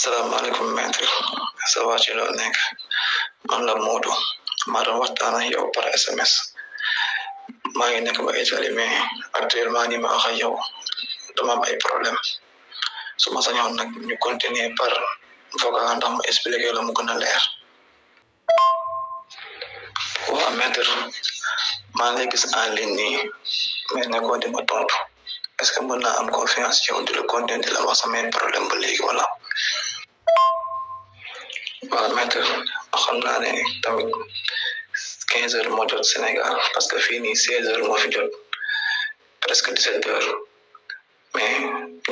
Assalamualaikum warahmatullahi wabarakatuh. ça va ci loo modu. man la Modou maa sms maa ngi nekk ba Italie me. actuellement ni ma wax ak yow dama am problem. problème su ma sañoon nag ñu continuer par vocal ndax ma expliqué la mu gën a leer waa maître maa di ma est ce que mën am confiance yow di le continuer de la wax samay problème permettre xam naa ne tamit quinze heures moo jot Sénégal parce que fii nii seize heures moo fi jot presque dix sept heures mais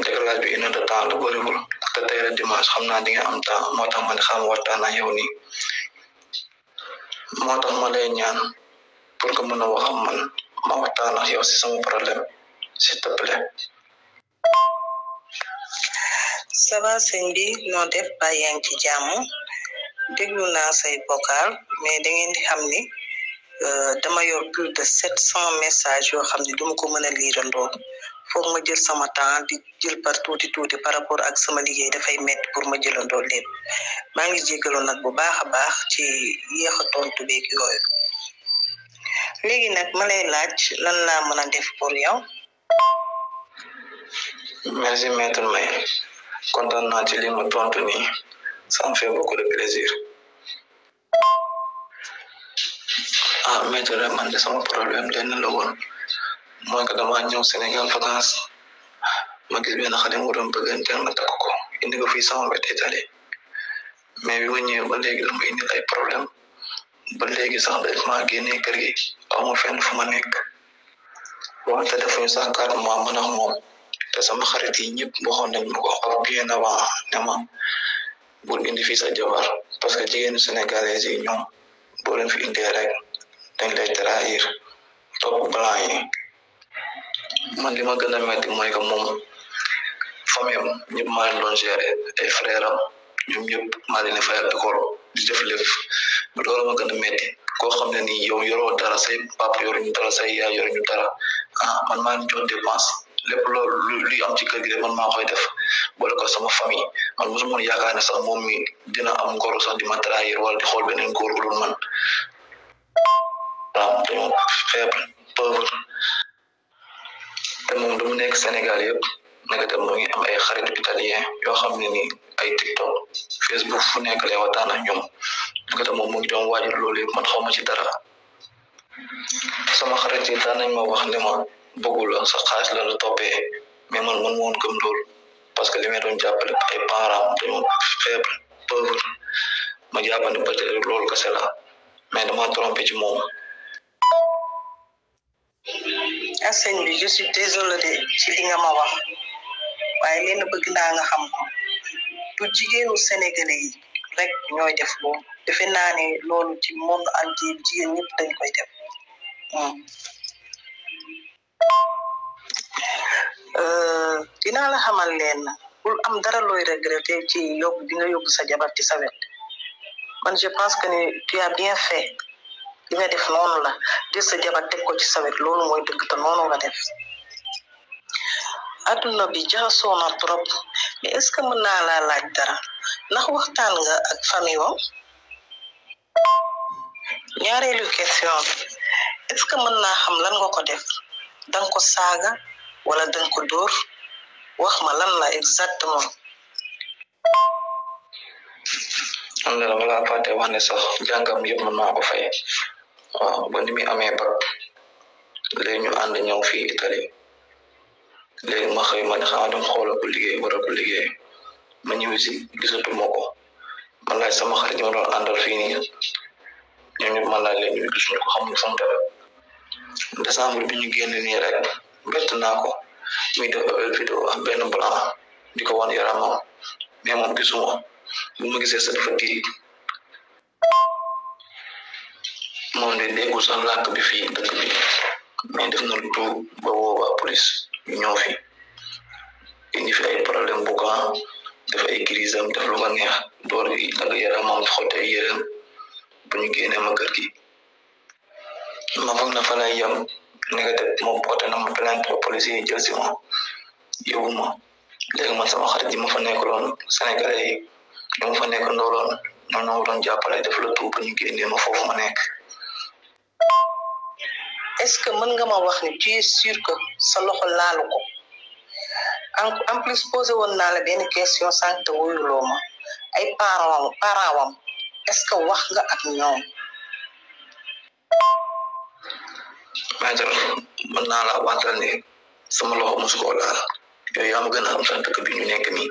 décalage bi une heure de temps lu bëriwul te tey la dimanche xam naa di nga am temps moo tax ma ne xam waxtaan ak yow ya, nii moo tax ma lay ñaan pour que mën a wax man ma waxtaan ak yow ya, si sama problème s'il te plaît. ça va sëñ bi noo def déglu naa say vocal mais da ngeen di xam ni euh, dama yor plus de sept cent messages yoo xam ne duma ko mën a liirandoo foog ma jël sama temps di jël par tuuti tuuti par rapport ak sama liggéey dafay métti pour ma jëlandoo lépp maa ngi jégalu nag bu baax a baax ci yéex a tontu beeg yooyu léegi nag ma lay laaj lan laa mën a def pour yow. merci maître May kontaan naa ci li tontu nii. ça me fait beaucoup de plaisir. ah maître man de mon problème lenn la Moi, mooy que damaa au Sénégal vacance ma gis benn xale mu doon bëgganteel ma je ko indi à fii sama wet Italie mais bi ma ñëwee ba léegi dama ma fenn fu ma nekk de defuñu sax quatre mois man ak sama xarit yi ñëpp waxoon ko indi ya, fi sa jawar parce que jigen jigéenu sénégalais yi ñom bo len fi indi rek dañ lay trahir top blanc yi man li gëna gën a metti mooy que mom famille ñëpp maa leen doon gérer ay frère ñom ñoom ma leen fay ak école di def lépp loolu ma gën a metti ko xam ni yow yoro dara say pap yoro ñu dara say ya yoro ñu dara ah man ma leen jox dépense lepp lo li am ci kër gi man maa koy def boole ko sama famille man musu mon yaakaar ne sax moom mi dina am ngor sax di ma trahir wala di xool beneen góor bu dul man waaw temu faible pauvre te moom du mu nekk Sénégal yëpp nekk tam mu ngi am ay xarit italien yoo xam ni ay tiktok facebook fu nekk lay waxtaan ak ñoom nekk tam moom mu ngi doon waajal loolu man xaw ma ci dara sama xarit yi daan nañ ma wax ne ma bëggul ak sa xaalis la la man man woon gëm loolu parce que li may doon jàppale ay parents dañoo faible pauvre ma jàpp ne peut être loolu kese la mais dama trompé ci moom. Ah, sëñ bi je suis désolée ci li nga ma wax waaye leen bëgg naa nga xam ko du jigéenu yi rek ñooy def loolu defe naa ne loolu ci monde entier jigéen ñëpp dañ koy def. Hmm. Euh, dinaa la xamal leen bul am dara looy regretté ci yóbbu bi nga yóbbu sa jabar ci sa wet man je pense que ni tu as bien fait li nga def noonu la jël sa jabar teg ko ci sawet loolu mooy dëgg te noonu nga def adduna bi jaasoona na trop mais est ce que mën naa laa laaj dara ndax waxtaan nga ak famille ñaareelu question est ce que mën naa xam lan nga ko def da ko saaga wala da nga ko dóor wax ma lan la exactement. am na balaa fàtte wax ne sax jàngam yëpp mën naa ko fay waaw ba ni muy amee bac léegi ñu ànd ñëw fii Italie léegi ma xëy ma ne xanaa dem xoolal ko liggéey war a ko liggéey ma ñëw si gisatu ma ma sama xarit ñu doon àndal fii nii ñoom ñëpp ma laaj leen ñu gis ñu ko xamul décembre biñu genn ni rek bet na ko muy def appel am ben blanc di won yaram yaramam mais moom gisuma bu ma gisee sa dafa tiit moom de déggu sax lak bi fi dëkk bi mais def na lu tuub ba woo waa police ñoo fi indi fi ay problème bu ka def ay crise am def lu ma neex door yi yaram yaramam xote yërëm bu ñu ma kër gi ma foog na fa lay yem nekk moom porté na ma plainte police ma sama xarit ji ma fa nekkuloon Sénégalais yi ñu ma fa nekk ndooloon ñoom ñoo doon jàppale def la tuub ñu génnee ma foofu ma nekk. est-ce que mën nga ma wax ni tu es que sa loxo laalu ko en en plus posé woon naa la benn question sànq te wóyuloo ma ay parents est-ce que wax nga ak ñoom. maître mën naa la waatal ne sama loxo mosu koo laal yooyu yaa ma gën a am sant dëkk bi ñu nekk nii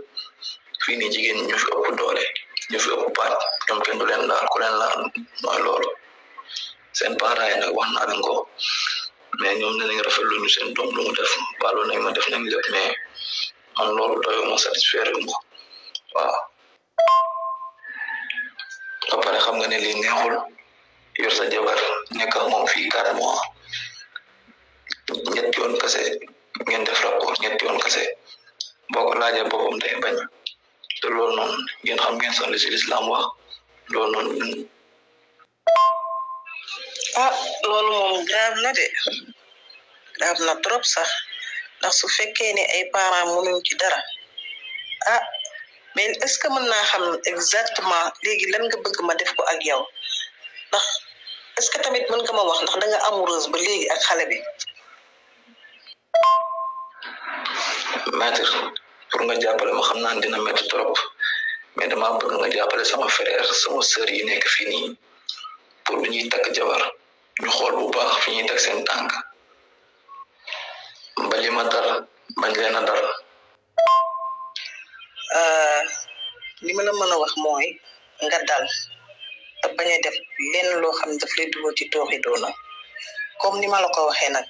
fii nii jigéen ñi doole ñu fi ëpp baat ñoom kenn du leen laal ku leen laal mooy loolu seen parents yi wax naa leen ko mais ñoom ne nañ rafetlu ñu seen doom lu mu def baalu nañ ma def nañ lépp mais man loolu doyo ma satisfaire ma waaw ba pare xam nga ne lii neexul yor sa jabar nekk ak moom fii quatre ñetti yoon kase ngeen def rapport yoon kase boo ko laajee ya boppam day bañ te loolu noonu ngeen xam ngeen wax ah loolu moom grave na de grave na trop sax ndax su fekkee ne ay parents mënuñ ci dara ah mais est ce que mën naa xam exactement léegi lan nga bëgg ma def ko ak yow ndax est ce que tamit mën nga ma wax ndax da nga amoureuse ba léegi ak xale bi maître pour nga jappalé ma xam naa dina métti trop mais dama bëgg nga jappalé sama frère sama sœur yi nekk fi ni pour ñuy tak jabar ñu xol bu baax fi ñuy tak seen tank ba li ma dal bañ leen a dal li ma la mëna wax moy nga dal ta bañ def lenn lo xamni daf lay dugal ci tooxi doona comme ni ma la ko waxé nak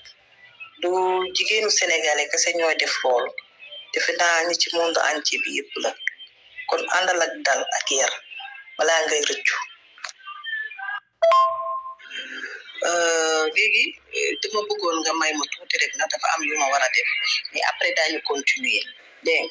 du jigéenu sénégalais kese ñooy def loolu defe naa ñi ci monde entier bi yëpp la kon àndal ak dal ak yar balaa ngay rëccu euh, léegi euh, dama bëggoon nga may ma tuuti rek na dafa am yu ma war a def mais après daañu continuer dégg